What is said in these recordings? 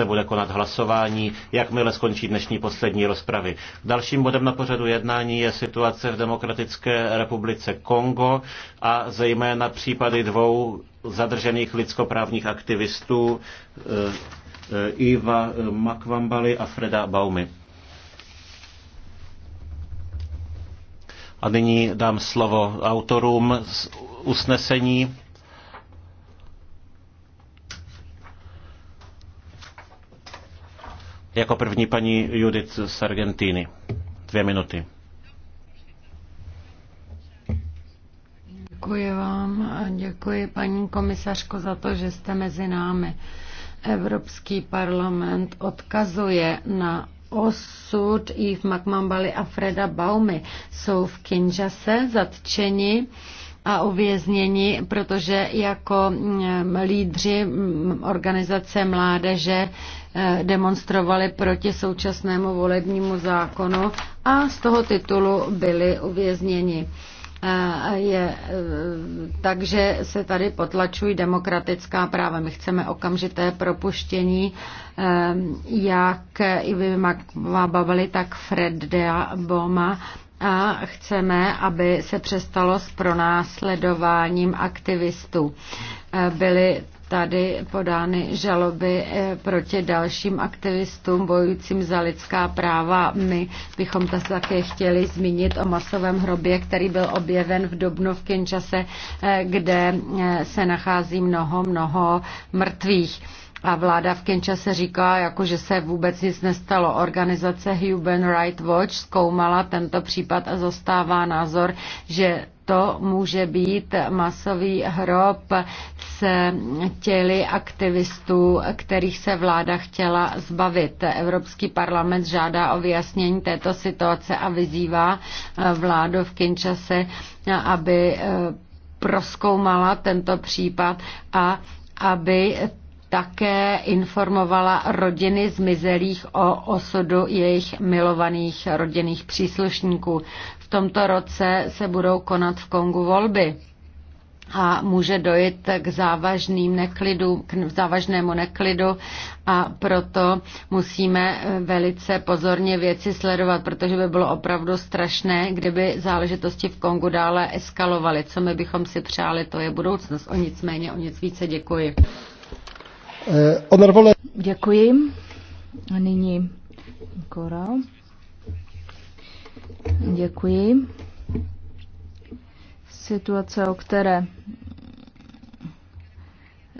se bude konat hlasování, jakmile skončí dnešní poslední rozpravy. Dalším bodem na pořadu jednání je situace v Demokratické republice Kongo a zejména případy dvou zadržených lidskoprávních aktivistů eh, eh, Iva Makvambali a Freda Baumy. A nyní dám slovo autorům z usnesení. Jako první paní Judith z Argentíny. Dvě minuty. Děkuji vám a děkuji paní komisařko za to, že jste mezi námi. Evropský parlament odkazuje na osud Yves Makmambali a Freda Baumy. Jsou v Kinžase zatčeni a uvězněni, protože jako mm, lídři mm, organizace mládeže eh, demonstrovali proti současnému volebnímu zákonu a z toho titulu byli uvězněni eh, je, eh, takže se tady potlačují demokratická práva. My chceme okamžité propuštění, jak Ivy Mabavili, tak Fredda Boma a chceme, aby se přestalo s pronásledováním aktivistů. Eh, byly tady podány žaloby eh, proti dalším aktivistům bojujícím za lidská práva. My bychom to také chtěli zmínit o masovém hrobě, který byl objeven v Dubnu v Kinčase, eh, kde se nachází mnoho, mnoho mrtvých a vláda v Kinshase říká, jako že se vůbec nic nestalo. Organizace Human Rights Watch zkoumala tento případ a zastává názor, že to může být masový hrob s těly aktivistů, kterých se vláda chtěla zbavit. Evropský parlament žádá o vyjasnění této situace a vyzývá eh, vládu v Kinshase, eh, aby eh, proskoumala tento případ a aby také informovala rodiny zmizelých o osudu jejich milovaných rodinných příslušníků. V tomto roce se budou konat v Kongu volby a může dojít k závažným neklidu, k závažnému neklidu a proto musíme velice pozorně věci sledovat, protože by bylo opravdu strašné, kdyby záležitosti v Kongu dále eskalovaly. Co my bychom si přáli, to je budoucnost. O nicméně o nic více děkuji. Eh, Děkuji. A nyní Kora. Děkuji. Situace, o které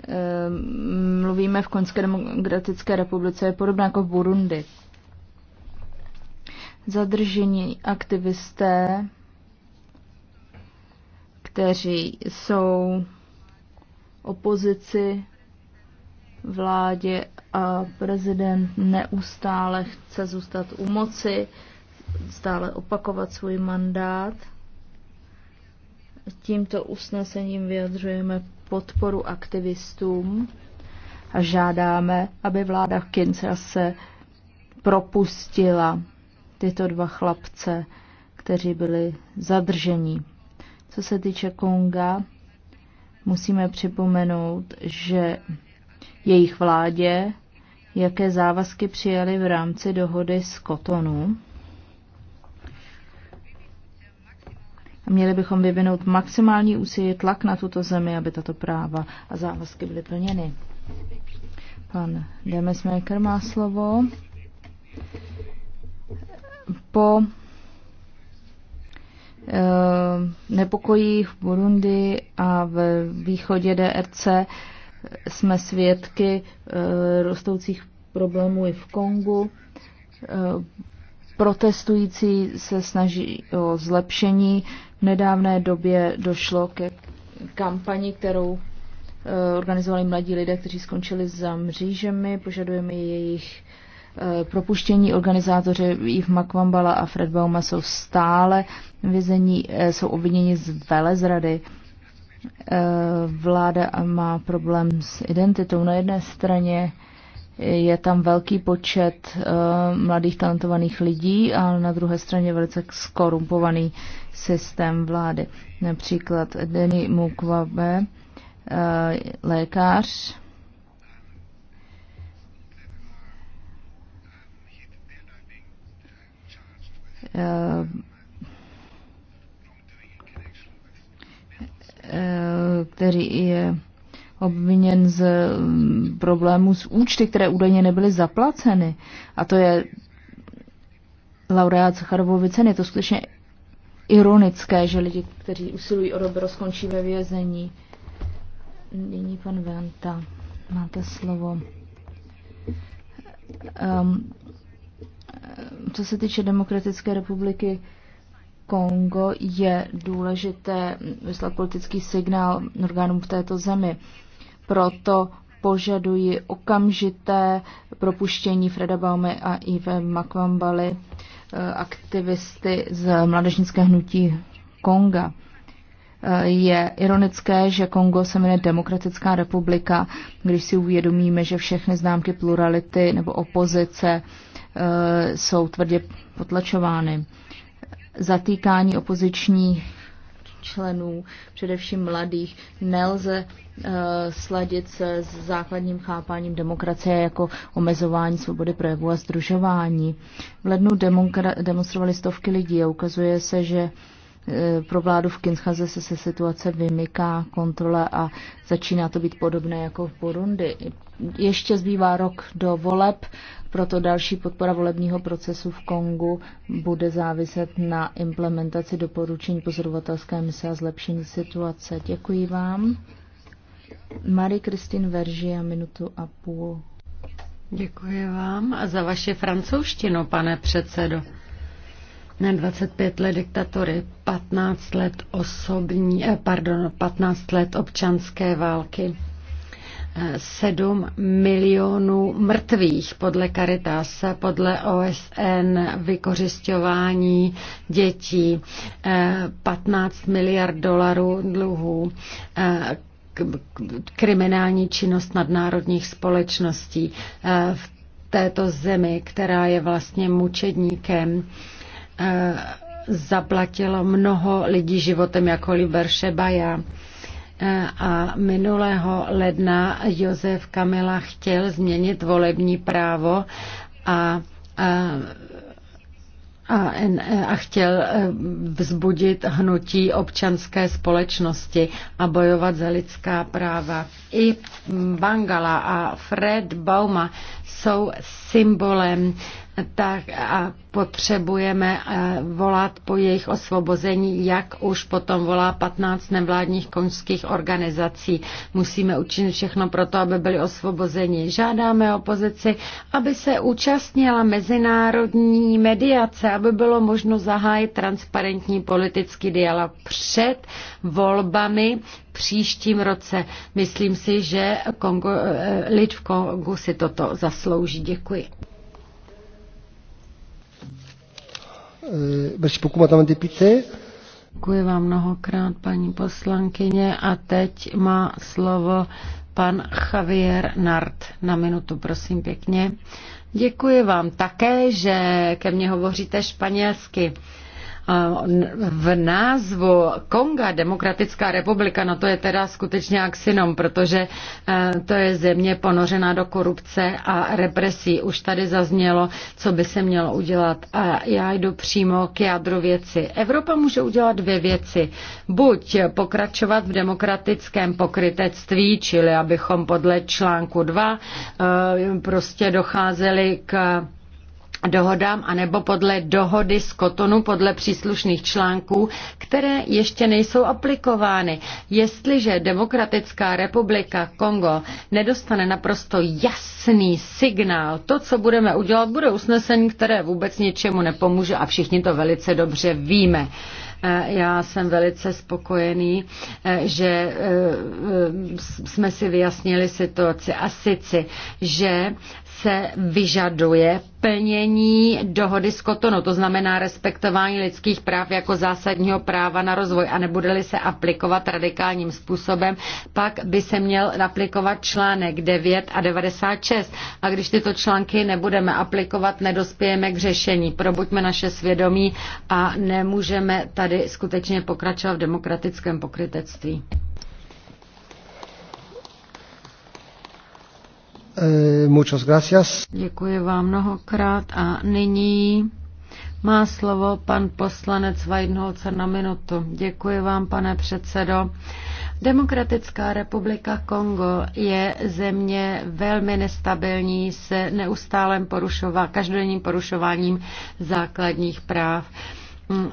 eh, mluvíme v Konské demokratické republice, je podobná jako v Burundi. Zadržení aktivisté, kteří jsou opozici vládě a prezident neustále chce zůstat u moci, stále opakovat svůj mandát. Tímto usnesením vyjadřujeme podporu aktivistům a žádáme, aby vláda Kinca se propustila tyto dva chlapce, kteří byli zadrženi. Co se týče Konga, musíme připomenout, že jejich vládě, jaké závazky přijali v rámci dohody s Kotonu. Měli bychom vyvinout maximální úsilí tlak na tuto zemi, aby tato práva a závazky byly plněny. Pan Demesmaker má slovo. Po eh, nepokojích v Burundi a v východě DRC jsme svědky eh, rostoucích problémů i v Kongu. Eh, protestující se snaží o zlepšení. V nedávné době došlo ke kampani, kterou eh, organizovali mladí lidé, kteří skončili za mřížemi. Požadujeme jejich propuštění. Organizátoři Yves Makvambala a Fred Bauma jsou stále vězení, jsou obviněni z velezrady. zrady Eh, vláda má problém s identitou. Na jedné straně je tam velký počet eh, mladých talentovaných lidí a na druhé straně velice skorumpovaný systém vlády. Například Denny Mukwabe, eh, lékař, Eh, který je obviněn z mm, problémů s účty, které údajně nebyly zaplaceny. A to je laureát Sacharovovy ceny. Je to skutečně ironické, že lidi, kteří usilují o dobro, skončí ve vězení. Nyní pan Venta, máte slovo. Um, co se týče Demokratické republiky Kongo je důležité vyslat politický signál orgánům v této zemi. Proto požaduji okamžité propuštění Freda Baume a Ive Makwambali, eh, aktivisty z mládežnického hnutí Konga. Eh, je ironické, že Kongo se jmenuje Demokratická republika, když si uvědomíme, že všechny známky plurality nebo opozice eh, jsou tvrdě potlačovány zatýkání opozičních členů, především mladých, nelze uh, sladit se s základním chápáním demokracie jako omezování svobody projevu a združování. V lednu demonstrovali stovky lidí a ukazuje se, že Eh, pro vládu v Kinshaze se, se situace vymyká kontrole a začíná to být podobné jako v Burundi. Ještě zbývá rok do voleb, proto další podpora volebního procesu v Kongu bude záviset na implementaci doporučení pozorovatelské mise a zlepšení situace. Děkuji vám. Marie Kristin Verži a minutu a půl. Děkuji vám a za vaše francouzštinu, pane předsedo ne 25 let diktatury, 15 let osobní, eh, pardon, 15 let občanské války, 7 milionů mrtvých podle Caritas, podle OSN, vykořišťování dětí, 15 eh, miliard dolarů dluhů, eh, kriminální činnost nadnárodních společností eh, v této zemi, která je vlastně mučedníkem Eh, zaplatilo mnoho lidí životem jako Liber Šebaja. Eh, a minulého ledna Josef Kamila chtěl změnit volební právo a, eh, a a, a chtěl vzbudit hnutí občanské společnosti a bojovat za lidská práva. I Bangala a Fred Bauma jsou symbolem tak a potřebujeme eh, volat po jejich osvobození, jak už potom volá 15 nevládních konžských organizací. Musíme učinit všechno pro to, aby byli osvobozeni. Žádáme opozici, aby se účastnila mezinárodní mediace, aby bylo možno zahájit transparentní politický dialog před volbami příštím roce. Myslím si, že Kongo, eh, lid v Kongu si toto zaslouží. Děkuji. Eh, Děkuji vám mnohokrát, paní poslankyně. A teď má slovo pan Javier Nart. Na minutu, prosím, pěkně. Děkuji vám také, že ke mně hovoříte španělsky v názvu Konga, Demokratická republika, no to je teda skutečně axinom, protože e, to je země ponořená do korupce a represí. Už tady zaznělo, co by se mělo udělat. A já jdu přímo k jádru věci. Evropa může udělat dvě věci. Buď pokračovat v demokratickém pokrytectví, čili abychom podle článku 2 e, prostě docházeli k dohodám anebo podle dohody z Kotonu podle příslušných článků, které ještě nejsou aplikovány. Jestliže Demokratická republika Kongo nedostane naprosto jasný signál, to, co budeme udělat, bude usnesení, které vůbec ničemu nepomůže a všichni to velice dobře víme. Eh, já jsem velice spokojený, eh, že eh, jsme si vyjasnili situaci a sici, že se vyžaduje plnění dohody z Kotonu, to znamená respektování lidských práv jako zásadního práva na rozvoj a nebude-li se aplikovat radikálním způsobem, pak by se měl aplikovat článek 9 a 96. A když tyto články nebudeme aplikovat, nedospějeme k řešení. Probuďme naše svědomí a nemůžeme tady skutečně pokračovat v demokratickém pokrytectví. Eh, muchas gracias. Děkuji vám mnohokrát a nyní má slovo pan poslanec Weidenholzer na minutu. Děkuji vám, pane předsedo. Demokratická republika Kongo je země velmi nestabilní se neustálem porušová, každodenním porušováním základních práv.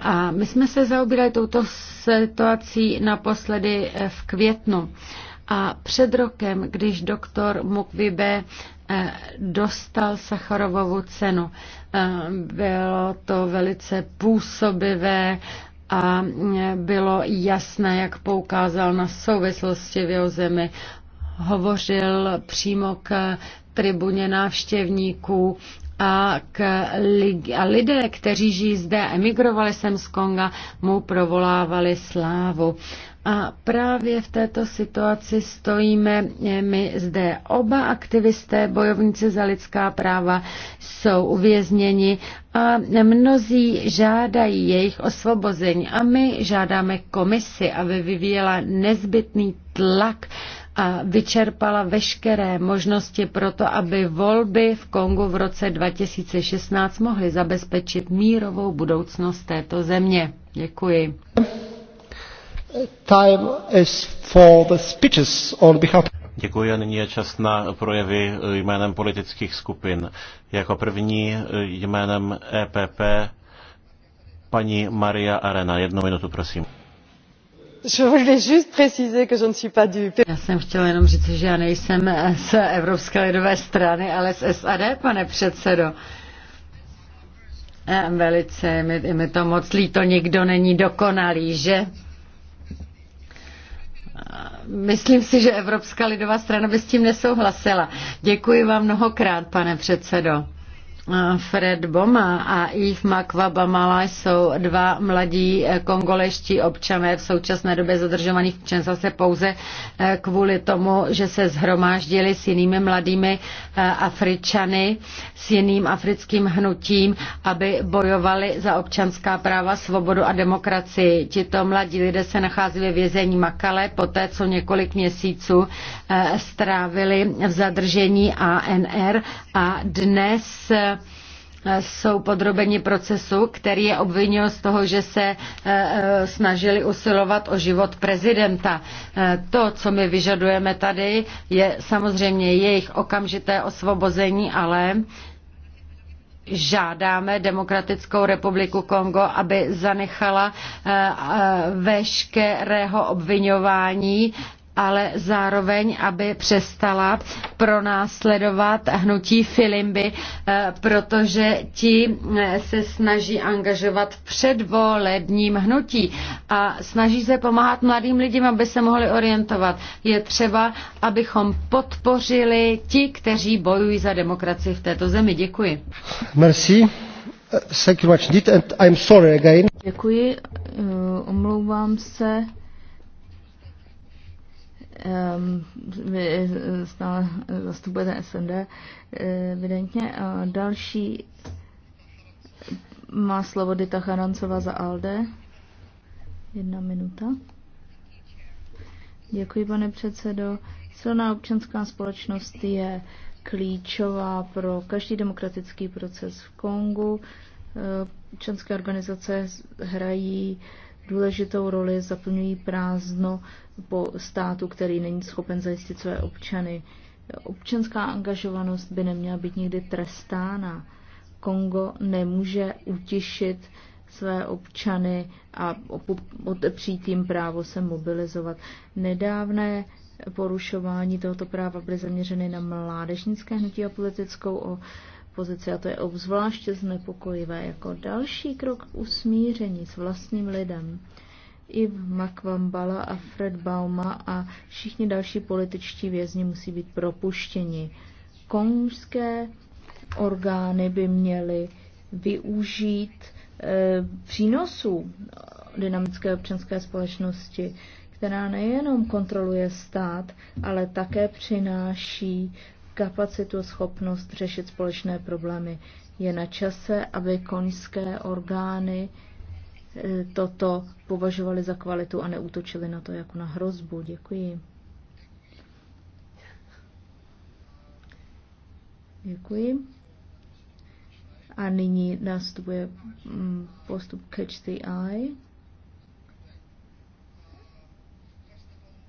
A my jsme se zaobírali touto situací naposledy v květnu. A před rokem, když doktor Mukwebe eh, dostal Sacharovovu cenu, eh, bylo to velice působivé a eh, bylo jasné, jak poukázal na souvislosti v jeho zemi. Hovořil přímo k tribuně návštěvníků a, k lidi, a lidé, kteří žijí zde, emigrovali sem z Konga, mu provolávali slávu. A právě v této situaci stojíme eh, my zde. Oba aktivisté, bojovníci za lidská práva, jsou uvězněni a mnozí žádají jejich osvobození. A my žádáme komisi, aby vyvíjela nezbytný tlak a vyčerpala veškeré možnosti pro to, aby volby v Kongu v roce 2016 mohly zabezpečit mírovou budoucnost této země. Děkuji. Time is for the speeches on behalf Děkuji a nyní je čas na projevy jménem politických skupin. Jako první jménem EPP paní Maria Arena. Jednu minutu, prosím. Já jsem chtěla jenom říct, že já nejsem z Evropské lidové strany, ale z SAD, pane předsedo. Eh, velice, mi, mi to moc líto, nikdo není dokonalý, že? Myslím si, že Evropská lidová strana by s tím nesouhlasila. Děkuji vám mnohokrát, pane předsedo. Fred Boma a Yves Makwabamala jsou dva mladí eh, Kongoleští občané v současné době zadržovaní v Čensase pouze eh, kvůli tomu, že se zhromáždili s jinými mladými eh, Afričany, s jiným africkým hnutím, aby bojovali za občanská práva, svobodu a demokracii. Tito mladí lidé se nachází ve vězení Makale poté, co několik měsíců strávili v zadržení ANR a dnes jsou podrobeni procesu, který je obvinil z toho, že se eh, eh, snažili usilovat o život prezidenta. Eh, to, co my vyžadujeme tady, je samozřejmě jejich okamžité osvobození, ale žádáme Demokratickou republiku Kongo, aby zanechala veškerého obvinování ale zároveň, aby přestala pronásledovat hnutí Filimby, eh, protože ti eh, se snaží angažovat v předvolebním hnutí a snaží se pomáhat mladým lidem, aby se mohli orientovat. Je třeba, abychom podpořili ti, kteří bojují za demokracii v této zemi. Děkuji. Merci. Thank you much indeed and I'm sorry again. Děkuji, eh, omlouvám se. Ehm, vy eh, stále zastupujete SND, eh, evidentně. A další má slovo Dita Charancová za ALDE. Jedna minuta. Děkuji, pane předsedo. Silná občanská společnost je klíčová pro každý demokratický proces v Kongu. Ehm, občanské organizace hrají uh, Důležitou roli zaplňují prázdno po státu, který není schopen zajistit své občany. Občanská angažovanost by neměla být nikdy trestána. Kongo nemůže utišit své občany a odepřít jim právo se mobilizovat. Nedávné porušování tohoto práva byly zaměřeny na mládežnické hnutí a politickou dispozici a to je obzvláště znepokojivé jako další krok k usmíření s vlastním lidem. I v Makvambala a Fred Bauma a všichni další političtí vězni musí být propuštěni. Kongské orgány by měly využít e, přínosů dynamické občanské společnosti, která nejenom kontroluje stát, ale také přináší kapacitu a schopnost řešit společné problémy. Je na čase, aby koňské orgány eh, toto považovali za kvalitu a neútočili na to jako na hrozbu. Děkuji. Děkuji. A nyní nastupuje mm, postup Catch the Eye.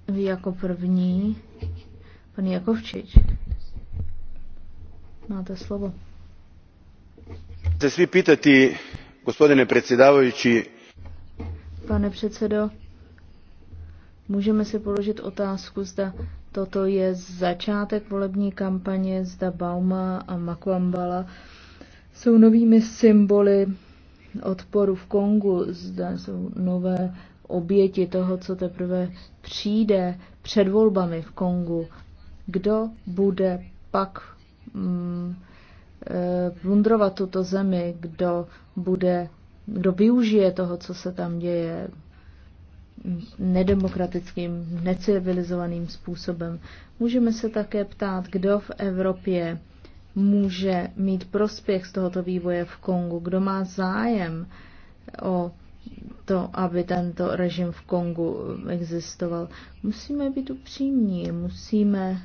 Vy jako první, pan Jakovčič. Máte slovo. Se svi pitati, gospodine předsedávající. Pane předsedo, můžeme si položit otázku, zda toto je začátek volební kampaně, zda Bauma a Makwambala jsou novými symboly odporu v Kongu, zda jsou nové oběti toho, co teprve přijde před volbami v Kongu. Kdo bude pak Mm, eh, plundrovat tuto zemi, kdo bude, kdo využije toho, co se tam děje nedemokratickým, necivilizovaným způsobem. Můžeme se také ptát, kdo v Evropě může mít prospěch z tohoto vývoje v Kongu, kdo má zájem o to, aby tento režim v Kongu existoval. Musíme být upřímní, musíme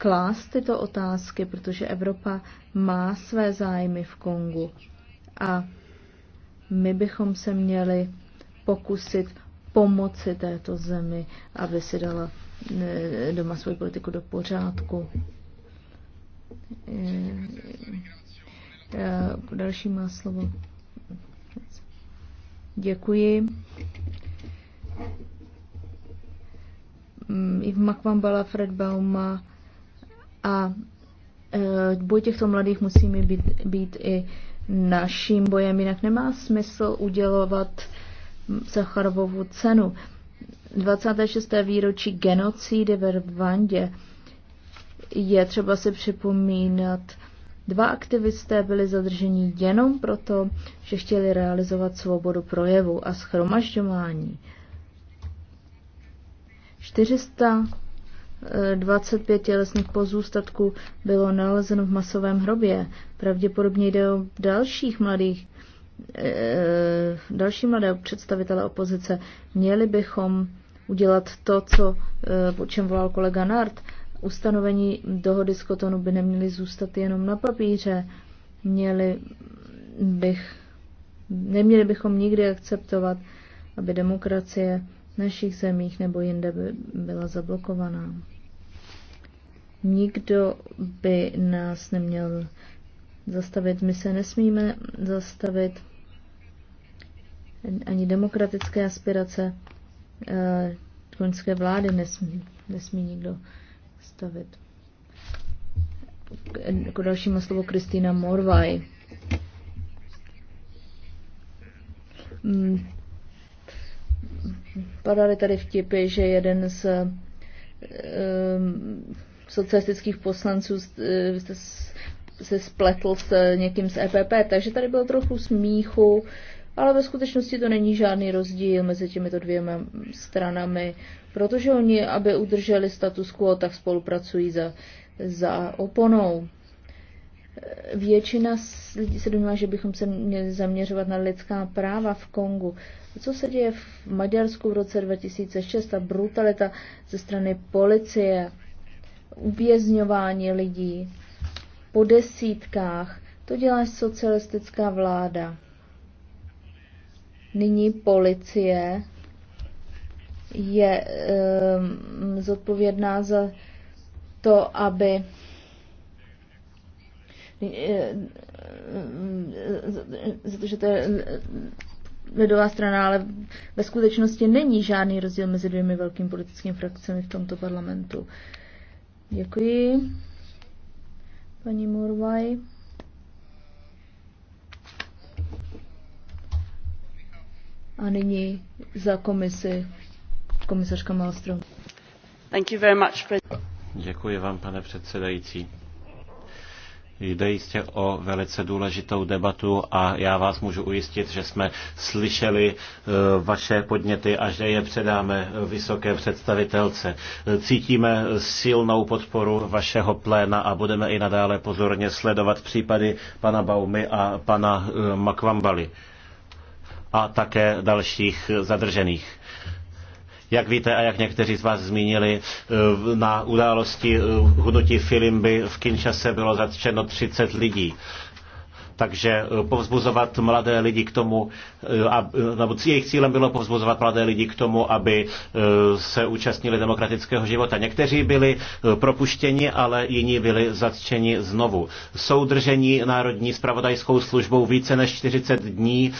klást tyto otázky, protože Evropa má své zájmy v Kongu a my bychom se měli pokusit pomoci této zemi, aby si dala eh, doma svoji politiku do pořádku. Eh, eh, další má slovo. Děkuji. Mm, I v Makvambala Fred Bauma a e, boj těchto mladých musíme být, být i naším bojem, jinak nemá smysl udělovat Sacharovovu cenu. 26. výročí genocídy ve Rwandě je třeba si připomínat. Dva aktivisté byli zadrženi jenom proto, že chtěli realizovat svobodu projevu a schromažďování. 400 25 tělesných pozůstatků bylo nalezeno v masovém hrobě. Pravděpodobně jde o dalších mladých, eh, další mladé představitele opozice. Měli bychom udělat to, co, eh, o čem volal kolega Nart. Ustanovení dohody z Kotonu by neměly zůstat jenom na papíře. Měli bych, neměli bychom nikdy akceptovat, aby demokracie našich zemích nebo jinde by byla zablokovaná. Nikdo by nás neměl zastavit. My se nesmíme zastavit ani demokratické aspirace eh, koňské vlády nesmí, nesmí nikdo stavit. K dalšímu má slovo Kristýna Morvaj. Mm, Padaly tady vtipy, že jeden z um, socialistických poslanců eh, jste se spletl s eh, někým z EPP, takže tady bylo trochu smíchu, ale ve skutečnosti to není žádný rozdíl mezi těmito dvěma stranami, protože oni, aby udrželi status quo, tak spolupracují za, za oponou. Většina lidí se domnívá, že bychom se měli zaměřovat na lidská práva v Kongu. Co se děje v Maďarsku v roce 2006, ta brutalita ze strany policie, uvězňování lidí po desítkách, to dělá socialistická vláda. Nyní policie je um, zodpovědná za to, aby za to, že to je lidová strana, ale ve skutečnosti není žádný rozdíl mezi dvěmi velkými politickými frakcemi v tomto parlamentu. Děkuji. Paní Morvaj. A nyní za komisi komisařka Malmström. Děkuji vám, pane předsedající Jde jistě o velice důležitou debatu a já vás můžu ujistit, že jsme slyšeli eh, vaše podněty a že je předáme vysoké představitelce. Cítíme silnou podporu vašeho pléna a budeme i nadále pozorně sledovat případy pana Baumy a pana eh, Makvambaly a také dalších zadržených. Jak víte a jak někteří z vás zmínili, eh, na události hnutí eh, Filimby v Kinshase bylo zatčeno 30 lidí. Takže eh, povzbuzovat mladé lidi k tomu, eh, a, eh, nebo jejich cílem bylo povzbuzovat mladé lidi k tomu, aby se účastnili demokratického života. Někteří byli propuštěni, ale jiní byli zatčeni znovu. Soudržení Národní spravodajskou službou více než 40 dní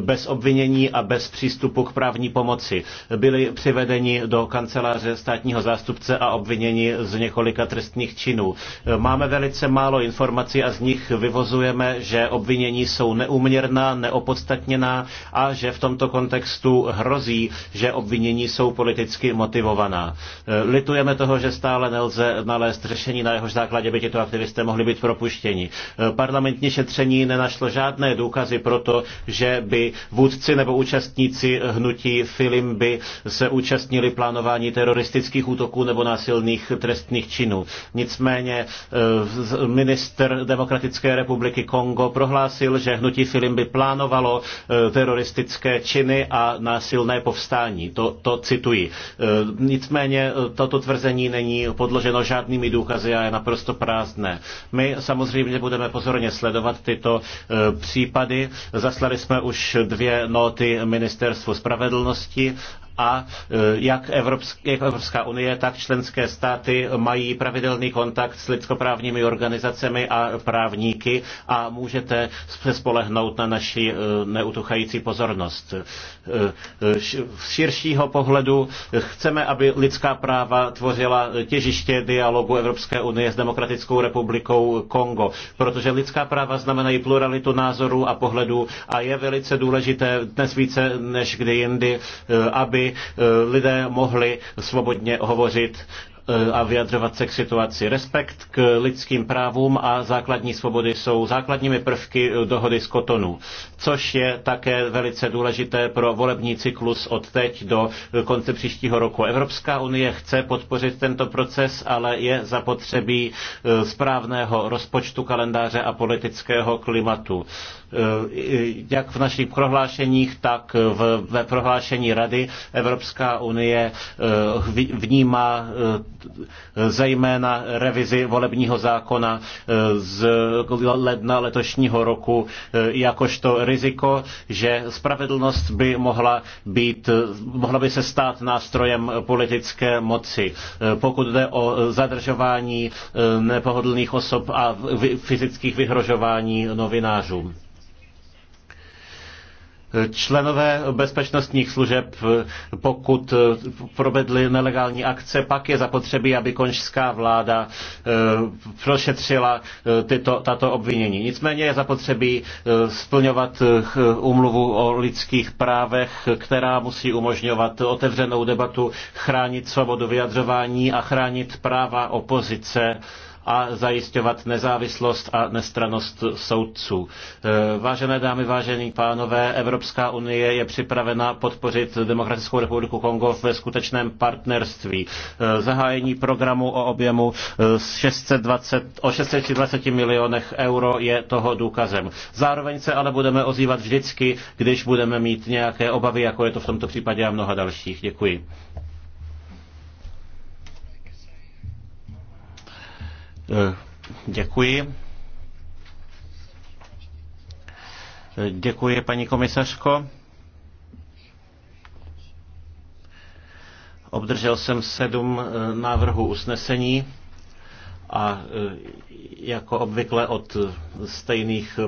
bez obvinění a bez přístupu k právní pomoci. Byli přivedeni do kanceláře státního zástupce a obviněni z několika trestných činů. Máme velice málo informací a z nich vyvozujeme, že obvinění jsou neuměrná, neopodstatněná a že v tomto kontextu hrozí, že obvinění jsou politicky motivovaná. E, litujeme toho, že stále nelze nalézt řešení, na jehož základě by tito aktivisté mohli být propuštěni. E, parlamentní šetření nenašlo žádné důkazy pro to, že by vůdci nebo účastníci hnutí Filim by se účastnili plánování teroristických útoků nebo násilných trestných činů. Nicméně e, minister Demokratické republiky Kongo prohlásil, že hnutí Filim by plánovalo e, teroristické činy a násilné povstání. To, to cituji. E, nicméně e, toto tvrzení není podloženo žádnými důkazy a je naprosto prázdné. My samozřejmě budeme pozorně sledovat tyto případy. Zaslali jsme už dvě noty ministerstvu spravedlnosti a e, jak, Evropská unie, tak členské státy mají pravidelný kontakt s lidskoprávními organizacemi a právníky a můžete se spolehnout na naši e, neutuchající pozornost. E, z širšího pohledu chceme, aby lidská práva tvořila těžiště dialogu Evropské unie s Demokratickou republikou Kongo, protože lidská práva znamenají pluralitu názorů a pohledů a je velice důležité dnes více než kdy jindy, aby Eh, lidé mohli svobodně hovořit eh, a vyjadřovat se k situaci. Respekt k lidským právům a základní svobody jsou základními prvky eh, dohody z Kotonu, což je také velice důležité pro volební cyklus od teď do konce příštího roku. Evropská unie chce podpořit tento proces, ale je zapotřebí správného rozpočtu kalendáře a politického klimatu. Eh, jak v našich prohlášeních, tak v, ve prohlášení Rady Evropská unie eh, vnímá eh, zejména revizi volebního zákona z ledna letošního roku jakožto riziko, že spravedlnost by mohla být, mohla by se stát nástrojem politické moci. Pokud jde o zadržování nepohodlných osob a fyzických vyhrožování novinářům členové bezpečnostních služeb, pokud provedli nelegální akce, pak je zapotřebí, aby konžská vláda eh, prošetřila eh, tyto, tato obvinění. Nicméně je zapotřebí eh, splňovat umluvu o lidských právech, která musí umožňovat otevřenou debatu, chránit svobodu vyjadřování a chránit práva opozice a zajišťovat nezávislost a nestranost soudců. Eh, vážené dámy, vážení pánové, Evropská unie je připravena podpořit Demokratickou republiku Kongo ve skutečném partnerství. Eh, zahájení programu o objemu 620, eh, o 620 milionech euro je toho důkazem. Zároveň se ale budeme ozývat vždycky, když budeme mít nějaké obavy, jako je to v tomto případě a mnoha dalších. Děkuji. Eh, děkuji. Eh, děkuji, paní komisařko. Obdržel jsem sedm eh, návrhů usnesení a jako obvykle od stejných